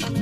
house.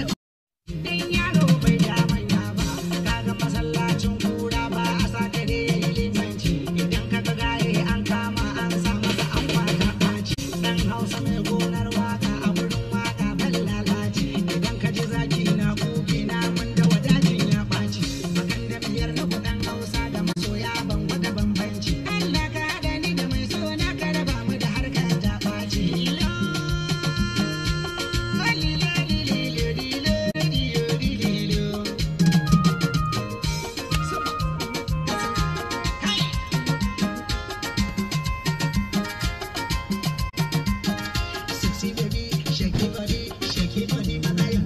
Bye.